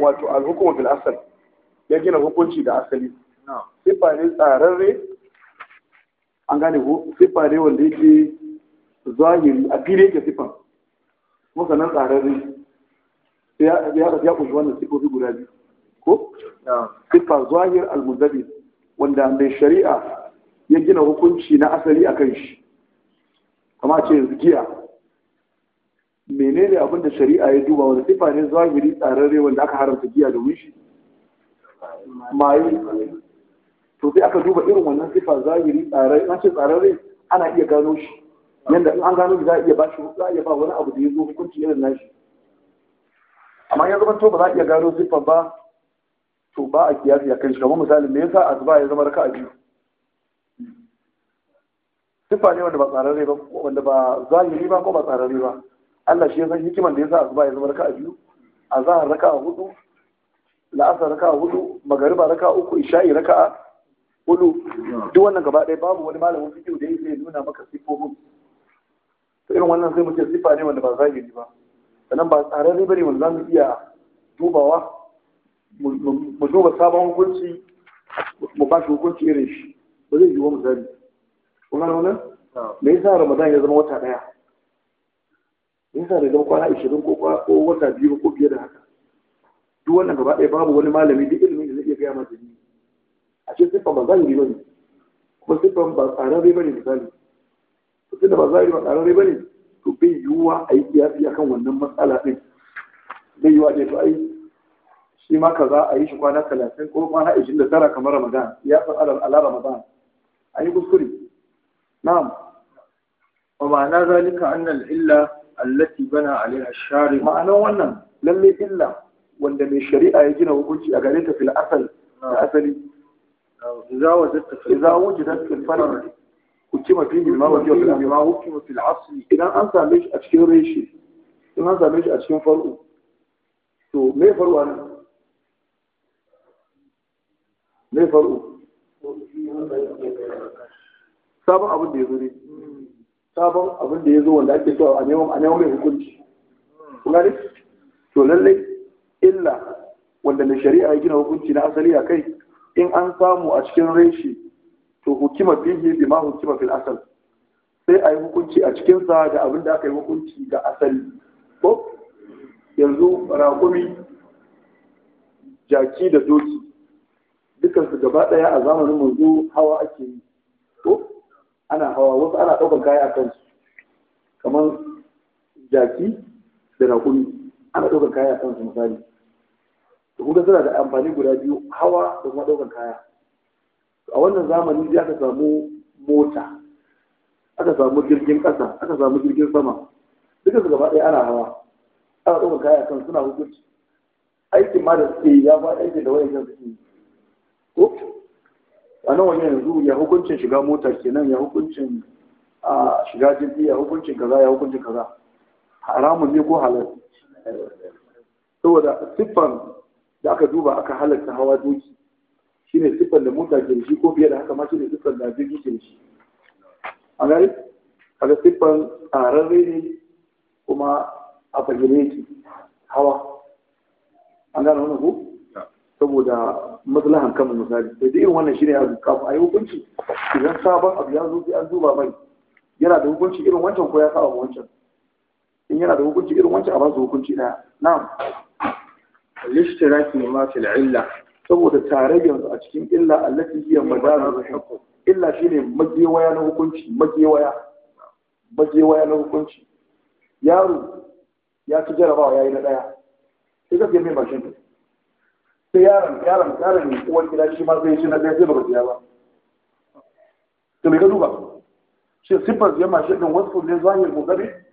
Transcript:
wato alhukuma bil asal ya gina hukunci da asali siffa ne tsararre an gane ko siffa ne wanda yake zahiri a fili yake siffa kuma sannan tsararre ya kusa wannan siffofi guda biyu ko siffa zahir al-muzabi wanda mai shari'a ya gina hukunci na asali a kan shi kama ce yanzu giya menene abin da shari'a ya duba wanda sifa ne zahiri tsararre wanda aka haramta giya domin shi Mai, to sai aka duba irin wannan sifa zahiri tsararre an ce tsararre ana iya gano shi yanda in an gano shi za a iya ba shi za a iya ba wani abu da ya zo hukunci irin nashi amma ya zama to ba za a iya gano sifa ba to ba a kiyasi a kan shi kamar misali me yasa asuba ya zama raka'a biyu sifa ne wanda ba tsararre ba wanda ba zahiri ba ko ba tsararre ba Allah shi ya san hikiman da ya sa asuba ya zama raka'a biyu azhar raka'a hudu la'asar raka'a hudu magariba raka'a uku isha'i raka'a hudu duk wannan gaba ɗaya babu wani malamin fiqh da yake nuna maka sifofin to irin wannan sai mu sifa ne wanda ba zahiri ba sannan ba tsararre bane wanda za mu iya dubawa mu duba sabon hukunci mu ba shi hukunci irin shi ba zai yiwu misali kun gano nan me yasa ramadan ya zama wata ɗaya in sa rigar kwana ashirin ko ko wata biyu ko biyar da haka duk wannan gaba ɗaya babu wani malami duk ilimin da zai iya gaya masa ni a ce siffan ba yi ba ne kuma siffan ba rai ba ne misali to tunda ba yi ba rai ba ne to bai yiwuwa a yi kiyasi akan wannan matsala ɗin bai yiwuwa ne to ai shi ma za a yi shi kwana talatin ko kwana ashirin da tara kamar ramadan ya san ala ramadan an yi kuskure na'am wa ma'ana zalika annal illa allati bana alaiha shari ma'anan wannan lalle illa wanda mai shari'a ya gina hukunci a gare ta fil asal da asali Za wa zata Za wajatta idza wajatta fil farq hukima fihi ma wajiba fil ma hukima fil asali. idan an same shi a cikin reshi in an same shi a cikin far'u to me far'u ne me far'u sabon abin da ya zo ne sabon abin da ya zo wanda ake zuwa a neman mai hukunci Kuna ne? to lallai illa wanda na shari'a ya gina hukunci na asali a kai in an samu a cikin reshi to hukima fihi ma hukima fil asal sai a yi hukunci a cikinsa da abin da aka yi hukunci ga asali ko yanzu rakumi jaki da doki dukansu gaba ɗaya a zamanin manzo hawa ake yi ko ana hawa wasu ana ɗaukar kaya a kansu kamar jaki da rakumi ana ɗaukar kaya a kansu misali to kuma suna da amfani guda biyu hawa da kuma ɗaukar kaya a wannan zamani sai aka samu mota aka samu jirgin ƙasa aka samu jirgin sama dukkan su gaba ɗaya ana hawa ana ɗaukar kaya a kan suna hukunci aikin ma da suke ya fa aikin da wayan suke yi a nan wani yanzu ya hukuncin shiga mota kenan ya hukuncin a shiga jirgi ya hukuncin kaza ya hukuncin kaza haramun ne ko halal saboda siffan da aka duba aka halarta hawa doki shine siffan da mota ke da shi ko fiye da haka ma shine siffan da jirgi ke da shi a gari kaga siffan tsararre ne kuma a bayyane hawa an gane wani ku saboda maslahan kanmu misali sai dai irin wannan shine ya zuka a yi hukunci idan sabon abu ya zo sai an duba mai yana da hukunci irin wancan ko ya saba wancan in yana da hukunci irin wancan a ba su hukunci daya na'am al-ishtiraki ma fil illa saboda tare yanzu a cikin illa allati hiya madarar hukm illa shine magewaya na hukunci magewaya magewaya na hukunci yaro ya ci jarabawa yayi na daya sai ka ga mai bashin sai yaron yaron yaron uwan gida shi ma zai shi na ɗaya sai baka siya ba to me ka duba shi siffar siyan mashi ɗin wasu ne zahir ko gari